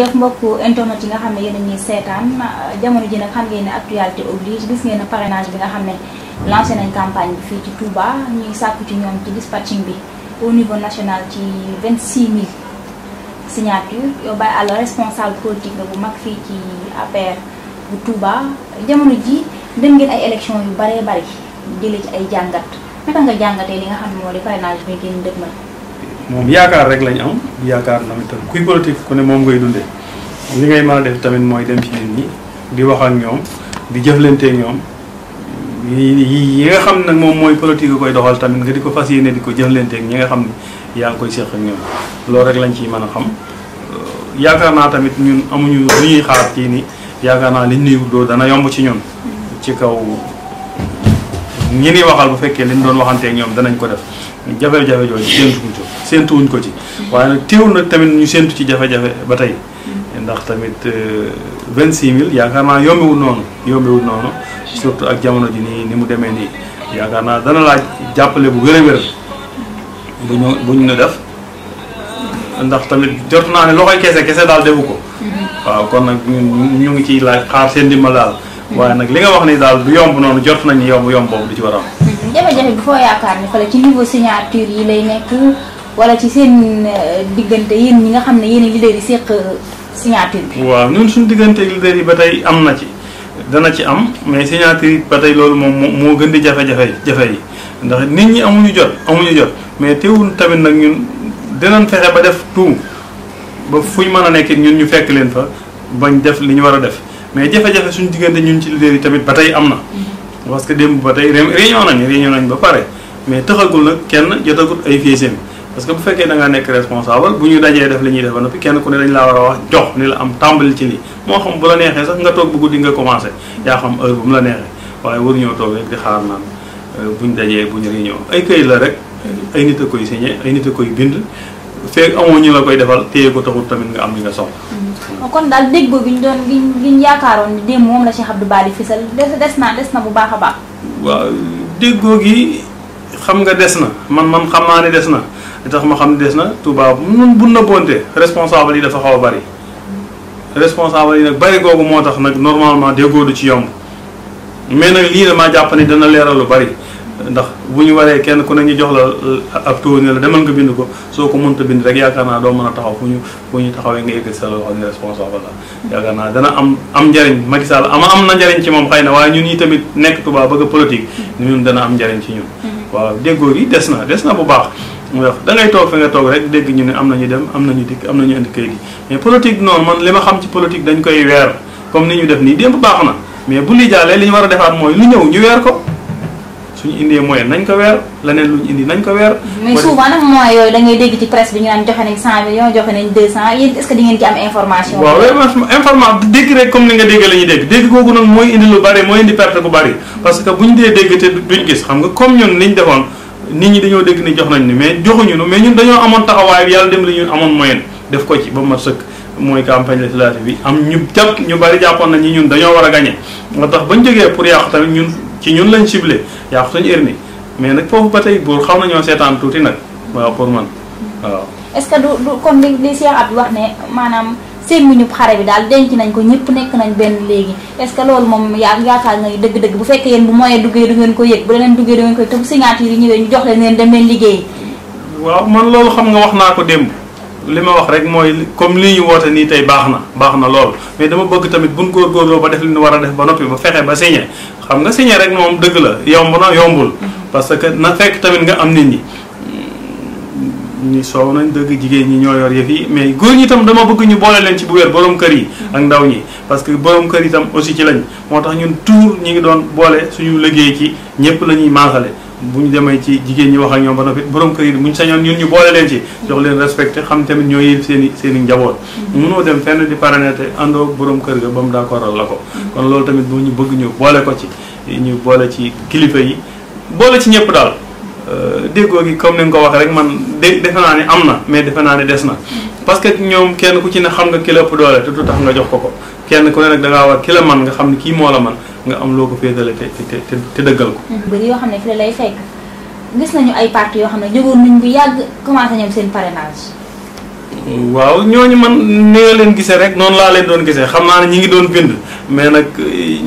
jërëjëf mbokku internet yi nga xam ne yéen a ñuy seetaan jamono ji nag xam ngeen ne actualité oblige gis ngeen ne bi nga xam ne lancé nañ campagne bi fii ci Touba ñuy sàkku ci ñoom ci dispatching bi au niveau national ci 26000 signature yow Baye Alla responsable politique la bu mag fii ci APR bu Touba jamono ji dem ngeen ay élection yu baree bari jële ci ay jàngat naka nga jàngatee li nga xam ne moo di parrainage bi ngeen dëgmal. moom yaakaar rek lañu am yaakaar na tam kuy politique ku ne moom ngay dundee li ngay mën a def tamit mooy dem ci nit ñi di wax ñoom di jëflante ñoom yi nga xam nag moom mooy politique koy doxal tamit nga di ko fas yéene di ko jëflante ak ñi nga xam ne yaa ngi koy seq ak ñoom loolu rek lañ ciy mën a xam euh, yaakaar naa tamit ñun amuñu lu ñuy xaar ci ni yaakaar naa liñ nuy doo dana yomb ci ñun ci kaw ñi ni waxal bu fekkee liñ doon waxanteeg ñoom danañ ko def jafe-jafe jooju séentuwuñ ko séentuwuñ ko ci waaye nag teewul nag tamit ñu séentu ci jafe-jafe ba tey ndax tamit euh, vingt six mille yaakaar naa yombewul noonu yombewul noonu surtout ak jamono ji nii ni mu demee nii yaakaar naa dana laaj jàppale bu wér a wér bu ñu bu ñu def ndax tamit jot naa ne loxoy kese kese daal defu ko waaw kon nag ñu ngi ciy laaj xaar seen dimbal daal waaye nag li nga wax ni daal du yomb noonu jot nañu yomb yomb boobu du ci war a jafe-jafe bi foo yaakaar ni fële ci niveau signature yi lay nekk wala ci seen euh, diggante yéen ñi nga xam ne yéen leader yi seq euh, signature bi. waaw ñun suñu diggante leader yi ba tey am na ci dana ci am mais signature yi ba tey loolu moom moo gën di jafe-jafe yi ndax nit ñi amuñu jot amuñu jot mais teewul tamit nag ñun dinañ fexe ba def tout ba fuñ mën a nekk ñun ñu fekk leen fa bañ def li ñu war a def mais jafe-jafe suñ diggante ñun ci leader yi tamit ba tey am na. parce que démb ba tey réunion nañ réunion nañ ba pare mais taxagul nag kenn jotagul ay fiiseen parce que bu fekkee da nekk responsable bu ñu dajee def li ñuy def ba noppi kenn ku ne dañ laa war a wax jox ni la am tàmbali ci lii moo xam bu la neexee sax nga toog bu guddi nga commencé yaa xam heure bu mu la neexee waaye waruñoo toog rek di xaar naan euh, buñ dajee buñ réunion ay këyit la rek ay nit a koy signé ay nit a koy bind feeg amoo ñu la koy defal téye ko taxul tamit nga am li nga soxla. Mm-hmm. kon daal dégg bi ñu doon gi ñu yaakaaroon démb moom la Cheikh bu baax a baax. waaw déggoo gi xam nga des na man man xam naa ne des na li tax ma xam des na Touba mun bu na responsable yi dafa xaw a bari. responsable yi nag bari googu moo tax nag normalement déggoo du ci yomb mais nag lii damaa jàpp ne dana leeral lu bari. ndax bu ñu waree kenn ku ne ñu jox la uh, ab taux ne la demal nga bind ko soo ko mënta bind rek yaakaar naa doo mën a taxaw fu ñu fu ñu nga yëkkati sa loxo ni responsable la yaakaar naa dana am njariñ Macky ama am na njariñ ci moom xëy na waaye ñun ñi tamit nekk tubaab bëgg a politique ñun dana am mm-hmm. na des na bu baax ndax da ngay toog fi ñu ne am nañu dem am nañu dikk am nañu indi kayit yi mais noonu man li ma xam ci politique dañ koy weer comme ni ñu def nii démb baax na mais bu li jàllee li ñu war a defaat mooy suñu indee moyen nañ ko weer leneen lu ñu indi nañ ko weer. mais souvent nag moyens yooyu da ngay dégg ci presse bi ñu naan joxe nañ 100 millions joxe comme ni nga déggee la ñuy dégg dégg googu nag mooy indi lu bari mooy indi perte bu bari. parce que bu ñu dee dégg te duñ gis xam nga comme ñun niñ defoon nit ñi dañoo dégg ni jox nañ ni mais joxuñu nu mais ñun dañoo amoon taxawaay bi yàlla dem li ñun amoon moyen def ko ci ba mat sëkk. mooy campagne législative bi am ñu jàpp ñu bari jàppoon nañ ñi ñun dañoo war tax bañ jógee pour ñun ci ñun lañ ciblé yaa ko suñu hernie mais nag foofu ba tey buur xaw nañoo seetaan tuuti nag waaw pour man waaw. est-ce que du du comme li li Cheikh Abdou wax ne maanaam seen minute xare bi daal denc nañ ko ñëpp nekk nañ benn léegi est-ce que loolu moom yaa yaakaar nga dëgg-dëgg bu fekkee yéen bu moyen duggee du ngeen ko yëg bu leneen duggee du ngeen ko yëg bu signature dem leen liggéey. waaw man loolu xam nga wax naa ko démb li ma wax rek mooy comme lii ñu woote nii tey baax na baax na lool mais dama bëgg tamit buñ góorgóorloo ba def li ñu war a def ba noppi ba fexe ba signé xam nga signé rek moom dëgg la yomb na yombul. parce que na fekk tamit nga am nit ñi. ñi soow nañ dëgg jigéen ñi ñoo yor yëf yi mais góor ñi tam dama bëgg ñu boole leen ci bu wér borom kër yi ak ndaw ñi parce que borom kër yi tam aussi ci lañ moo tax ñun toujours ñu ngi doon boole suñu liggéey ci ñëpp la ñuy maasale bu ñu demee ci jigéen ñi wax ak ñoom ba noppi borom kër yi bu ñu sañoon ñun ñu boole leen ci jox leen respecté xam tamit ñoo yël seen i seen i njaboot mënoo dem fenn di paranete àndoo borom kër ga ba mu d'accord la ko kon loolu tamit bu ñu bëgg ñu boole ko ci ñu boole ci kilifa yi boole ci ñëpp daal euh, déggoo gi comme ni nga ko waxee rek man de defe naa ne am na mais defe naa ne des na parce que ñoom kenn ku ci ne xam nga ki la ëpp doole te du tax nga jox ko ko kenn ku ne nag da war ki la nga xam ne kii moo la man nga am loo ko féetale te te te dëggal ko. bëri yoo xam ne fi la lay fekk gis nañu ay parti yoo xam ne jógoon nañ bu yàgg commencé ñoom seen parrainage. waaw ñooñu man ni leen gisee rek noonu laa leen doon gisee xam naa ne ñi ngi doon bind mais nag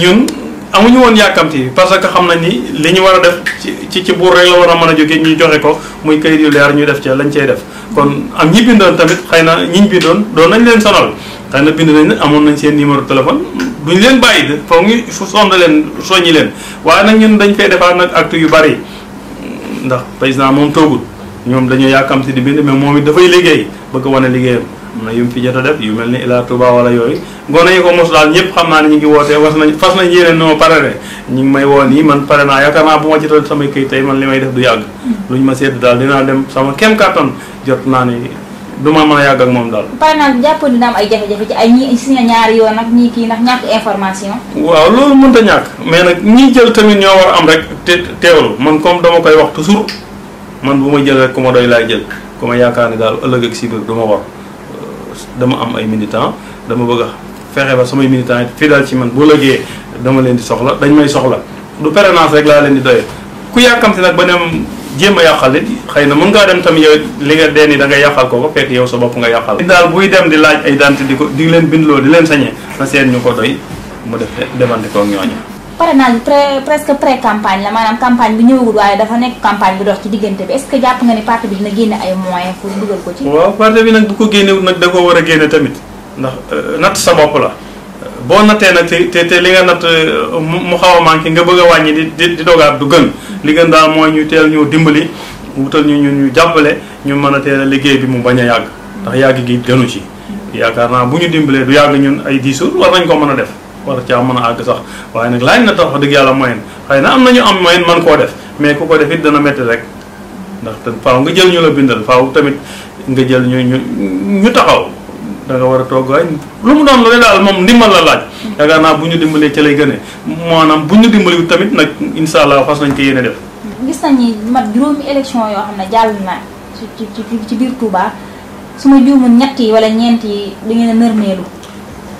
ñun amuñu woon yàkkamti parce que xam nañ ni li ñu war a def ci ci buur rek la war a mën a jóge ñu joxe ko muy kayit yu leer ñu def ca lañ cey def kon am ñi bindoon tamit xëy na ñi ñu bindoon doon nañ leen sonal. xëy na bind nañ ne amoon nañ seen numéro téléphone duñ leen bàyyi de foog ñu sonn leen soññi leen waaye nag ñun dañ fay defaat nag acte yu bari ndax président moom toogul ñoom dañoo yàkkamti di bind mais moom it dafay liggéey bëgg wane liggéeyam am na yu mu fi jot a def yu mel ni Ila Touba wala yooyu gone yi ko mos daal ñëpp xam naa ne ñu ngi wootee was nañ fas nañ yéeneen noo parere ñu may woon nii man pare naa yaakaar naa bu ma jotoon samay këy tey man li may def du yàgg mm. ñu ma sedd daal dinaa dem sama kem kàttan jot naa ne du ma a yàgg ak moom daal. par exemple jàppoon dina am ay jafe-jafe ci ay ñii si ñaari yoon nag ñii kii ndax ñàkk information. waaw loolu mënta ñàkk mais nag ñi jël tamit ñoo war a am rek te teewlu man comme dama koy wax toujours man bu ma jël rek ku ma doy laay jël ku ma yaakaar ne daal ëllëg ak si biir du war euh, dama am ay militants dama bëgg a fexe ba samay militants fii fidèle ci man boo lëggee dama leen di soxla dañ may soxla du permanence rek laa leen di doyee jéem a yàqal it na mun ngaa dem tamit yow li nga dee ni da ngay yàqal kooku fekk yow sa bopp nga yàqal daal buy dem di laaj ay dante di ko di leen bindloo di leen sañee na seen ñu ko doy mu def demante koog ñooñu parrainage bi presque pré campagne la maanaam campagne bi ñëwagul waaye dafa nekk campagne bi dox ci diggante bi est-ce jàpp nga ni parti bi dina génne ay moyens pour dugal ko ci waaw parti bi nag bu ko génnewul nag da ko war a génne tamit ndax euh, natt sa bopp la boo nattee nag te te li nga natt euh, mu xaw a manqué nga bëgg a wàññi di di dogaat du gën li gën daal mooy ñu teel ñoo dimbali wutal ñu ñun ñu jàppale ñu mën a teel a liggéey bi mu bañ a yàgg ndax yàgg gi gënu ci yaakaar naa bu ñu dimbalee du yàgg ñun ay dix war nañ ko mën a def war caa mën a àgg sax waaye nag laaj na tax wax dëgg yàlla moyen xëy na am nañu am moyen man koo def mais ku ko def dana métti rek ndax faaw nga jël ñu la bindal faaw tamit nga jël ñu ñu ñu taxaw da war a togg añ lu mu doon la daal moom ndimbal la laaj yaakaar naa bu ñu dimbalee ca lay gënee maanaam bu ñu dimbaliwu tamit nag insha allah fas nañ ko yéene def gis nañu mat juróomi élection yoo xam ne jàll na ci ci ci biir Touba su ma juumul ñett yi wala ñeent yi da ngeen a nërmeelu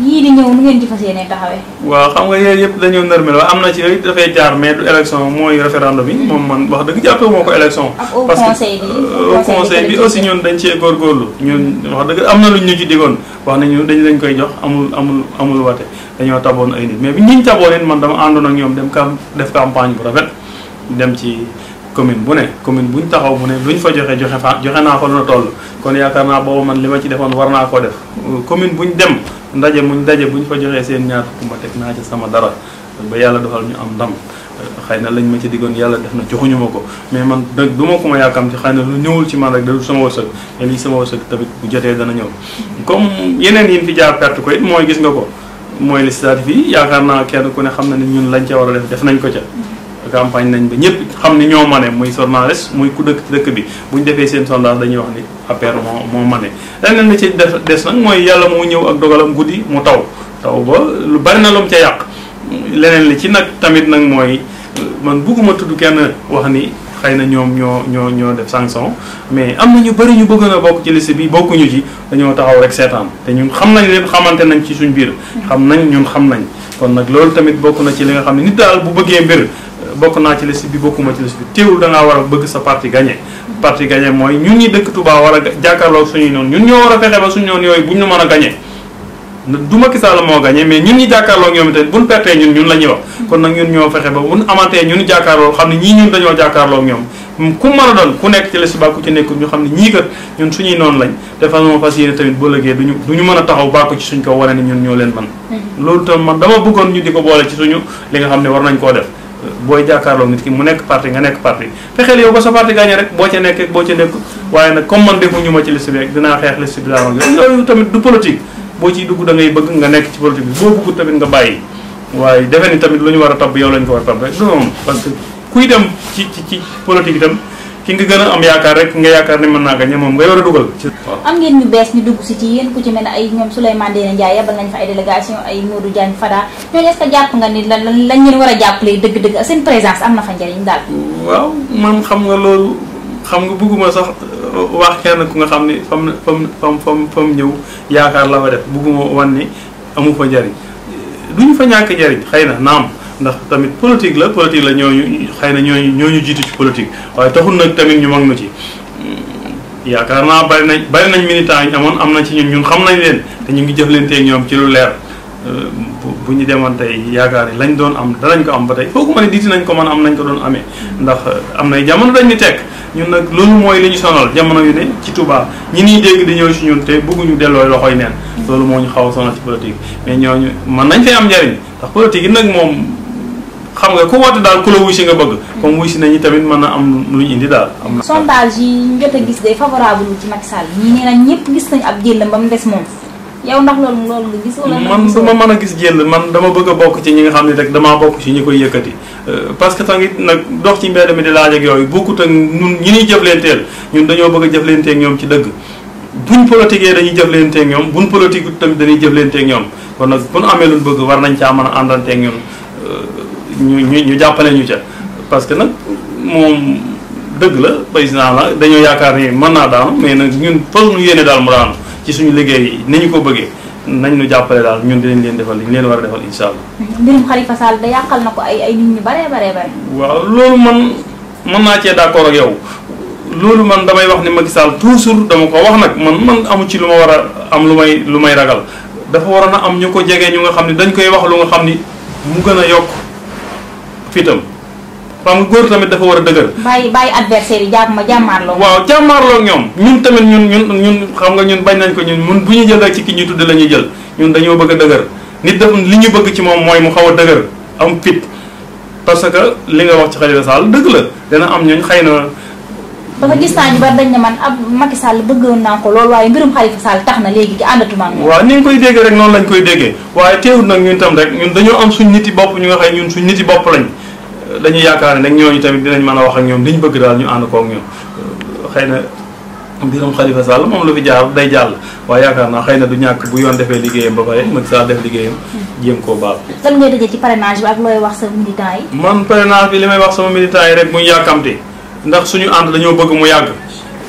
lii di ñëw nu ngeen ci fas yéene taxawee. waaw xam nga yooyu yëpp dañoo normé am na ci yooyu dafay jaar mais du élection mooy référendum bi moom man wax dëgg jàppee moo ko élection. parce que euh, au conseil bi aussi ñun dañ cee góorgóorlu. ñun wax dëgg am na luñ ñu ci digoon wax nañu dañ lañ koy jox amul amul amul wate dañoo taboon ay nit mais bi ñu taboon it man dama àndoon ak ñoom dem kam def campagne bu rafet dem ci. commune bu ne commune bu ñu taxaw mu ne lu ñu fa joxe joxe fa joxe naa ko lu toll kon yaakaar naa boobu man li ma ci defoon war naa ko def euh, commune bu dem ndaje muñ ndaje bu ñu fa joxee seen ñaar kumba teg naa ci sama dara ba yàlla doxal ñu am ndam euh, xëy na lañ ma ci diggoon yàlla def na joxuñu ma ko mais man nag du ma ko ma yaakaam ci xëy na lu ñëwul ci man rek da sama wërsëg te lii sama wërsëg bu jotee dana ñëw comme yeneen yi fi jaar perte ko mooy gis nga ko mooy législative yi yaakaar naa kenn ku ne xam na ne ñun lañ ca war a def def nañ ko ca campagne nañ ba ñëpp xam ni ñoo mane muy journaliste muy ku dëkk ci dëkk bi bu ñu defee seen sondage dañuy wax ni affaire moo moo mane leneen li ci des des nag mooy yàlla moo ñëw ak dogalam guddi mu taw taw ba lu bari na lu mu ca yàq leneen li ci nag tamit nag mooy man bugguma tudd kenn wax ni xëy na ñoom ñoo ñoo ñoo def sanction mais am na ñu bëri ñu bëgg na bokk ci liste bi bokkuñu ci dañoo taxaw rek seetaan te ñun xam nañ leen xamante nañ ci suñ biir. xam nañ ñun xam nañ kon nag loolu tamit bokk na ci li nga xam ne nit daal bu bëggee mbir bokk naa ci liste bi bokkuma ci liste bi teewul da war a bëgg sa parti gagné. parti gagné mooy ñun ñi dëkk Touba war a jàkkaarloog suñuy noonu ñun ñoo war a fexe ba suñu noonu yooyu buñ ñu a gagné. du Macky Sall moo gagné mais ñun ñi jàkkaarloog ñoom itam buñ pertee ñun ñun la ñun ñoo fexe ba buñ amantee ñun jàkkaarloog xam ne ñii ñun dañoo a doon ku nekk ci liste ba ku ci nekkul ñu xam ne ñii kat ñun suñuy noonu lañ te façon fas yéene tamit boo ñu mën a taxaw bàkku ci suñ ko wane ne ñun ñoo leen man mm-hmm. loolu tam man dama bëggoon ñu di ko boole ci suñu li nga xam ne war nañ koo def booy jàkkaarloo nit ki mu nekk parti nga nekk parti fexeel yow ba sa parti gaañee rek boo ca nekk boo ca nekk waaye nag comme man defuñu ma ci liste bi rek dinaa xeex liste bi daa ma yooyu tamit du politique boo ciy dugg da ngay bëgg nga nekk ci politique bi boo bëggul tamit nga bàyyi waaye defe ni tamit lu ñu war a tabb yow lañu ko war a tabb rek non parce que kuy dem ci ci ci politique itam ki nga gën a am yaakaar rek nga yaakaar ne mën naa gañe moom nga war a dugal. am ngeen ñu bees ñu dugg si ci yéen ku ci mel ne ay ñoom Souleymane Ndéné Ndiaye yabal nañ fa ay délégation ay Modou Diagne Fada ñooñu est-ce que jàpp nga ni a jàppale dëgg-dëgg am na fa njëriñ daal. xam nga loolu xam nga bugguma sax euh, wax kenn ku nga xam ne fam fam fam fam fam ñëw yaakaar la fa def bugguma wan ne amu fa njëriñ duñu fa ñàkk njëriñ xëy na naam ndax tamit politique la politique la ñooñu xëy na ñoo ñu jiitu ci politique waaye taxul nag tamit ñu mag ma ci hmm, yaakaar naa bari nañ bari nañ militants yi amoon am na ci ñun ñun xam nañ leen te ñu ngi jëflanteeg ñoom ci lu leer euh, bu ñu demoon tey yaakaar yi lañ doon am danañ ko am ba tey foogu ma ne diiti nañ ko mën am nañ ko doon amee ndax euh, am nay jamono dañ ni tekk ñun nag loolu mooy li ñu sonal jamono yu ne ci Touba ñi niy dégg di ñëw ci ñun te bëgguñu delloo loxoy neen loolu moo ñu xaw a sonal ci politique mais ñooñu mën nañ fay am njariñ ndax politique yi nag moom xam nga ku woote daal ku la wuy si nga bëgg. Mm. comme wuy si nañu tamit mën na am lu ñu indi daal. am na sondage yi ñu jot a gis day favorable ci Macky Sall ñii nee na ñëpp gis nañu ab jël ba mu des moom. yow ndax loolu loolu nga gis wala man du ma mën a gis jël man dama bëgg a bokk ci ñi nga xam ne rek damaa bokk ci ñi koy yëkkati euh, parce que tamit nag dox ci mbedd mi di laaj ak yooyu bokkut ak ñun ñi ñuy jëflanteel ñun dañoo bëgg a jëflanteeg ñoom ci dëgg buñ politiquee dañuy jëflanteeg ñoom buñ politique tamit dañuy jëflanteeg ñoom kon nag buñ amee luñ bëgg war nañ caa mën a àndanteeg ñoom ñu ñu ñu jàppale ñu ca parce que nag moom dëgg la président la dañoo yaakaar ni mën naa daanu mais nag ñun fas ñu yéene daal mu daanu ci suñu liggéey yi ni ñu ko bëggee nañ nu jàppale daal ñun dinañ leen defal li ñu leen war a defal incha allah. mbirum Khalifa Sall da yàqal na ko ay ay nit ñu baree baree bare. waaw loolu man mën naa cee d'accord ak yow loolu man damay wax ni Macky Sall toujours dama ko wax nag man man amu ci lu ma war a am lu may lu may ragal dafa waroon a am ñu ko jege ñu nga xam ne dañ koy wax lu xam ni mu gën a yokk. fitam xam góor tamit dafa war a dëgër. bàyyi bàyyi adversaire yi jàpp ma jàmmaarloo. waaw jàmmaarloo ak ñoom ñun tamit ñun ñun ñun xam nga ñun bañ nañ ko ñun mun bu ñu jël ci ki ñu tudd la jël ñun dañoo bëgg a dëgër nit def li ñu bëgg ci moom mooy mu xaw a dëgër am fit parce que li nga wax ci Khalifa Sall la dana am ñooñ xëy na. parce que gis naa ñu ba dañ ne man ab tax na léegi ci àndatuma ak moom. waaw ni nga koy déggee lañ koy déggee waaye teewut nag ñun tam rek ñun dañoo am suñ nit yi bopp ñu nga xam ñun suñ nit yi bopp lañ dañuy yaakaar ne nag ñooñu tamit dinañ mën a wax ak ñoom li ñu bëgg daal ñu ànd koog ñoom xëy na mbirum Khalifa Sall moom lu fi jaar day jàll waaye yaakaar naa xëy na du ñàkk bu yoon defee liggéeyam ba pare Macky Sall def liggéeyam jéem koo baal. lan ngay dëggee ci parrainage bi ak looy wax sa militant yi. man parrainage li may wax sama militant yi rek mu ñu yàkkamti ndax suñu ànd dañoo bëgg mu yàgg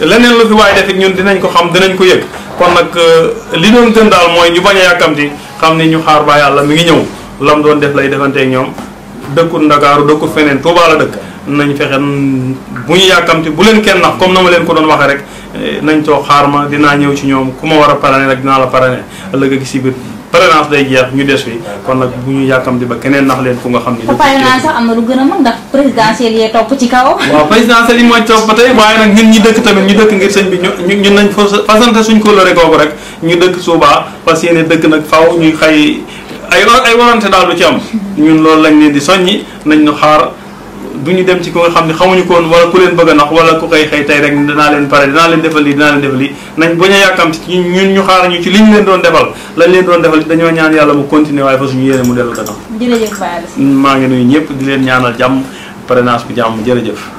leneen lu fi waaye def it ñun dinañ ko xam dinañ ko yëg kon nag euh, li doon gën daal mooy ñu bañ a yàkkamti xam ni ñu xaar baa yàlla mi ngi ñëw lam doon def lay defanteeg ñoom dëkkul Ndakaaru dëkkul feneen Tuubaa la dëkk nañ fexe bu ñu yàkkamti bu leen kenn nax comme na ma leen ko doon waxee rek eh, nañ too xaar ma dinaa ñëw ci ñoom ku ma war a parrainer rek dinaa la parrainer ëllëg ak si biir parrainage day jeex ñu des fi kon nag bu ñu yàkkamti ba keneen nax leen ku nga xam ni. dëkk parrainage sax am na lu gën a mën ndax présidentiel yee topp ci kaw. waaw présidentiel yi mooy topp ba tey waaye nag ñun ñi dëkk tamit ñu dëkk ngir sëñ bi ñu ñu nañ fa fasante suñ ko lore googu rek ñu dëkk suubaa parce que yéen dëkk nag faw ñuy xay ay ay warante daal lu ci am ñun loolu lañ leen di soññi nañ ñu xaar du ñu dem ci ko nga xam ne xamuñu ko woon wala ku leen bëgg a nax wala ku koy xëy tey rek dinaa leen pare dinaa leen defal lii dinaa leen defal lii nañ bañ a yàkkamti ci ñun ñu xaar ñu ci li ñu leen doon defal lañ leen doon defal dañoo ñaan yàlla mu continuer waaye fa suñu yéene mu dellu gannaaw maa ngi nuyu ñëpp di leen ñaanal jàmm parrainage bu jàmm jërëjëf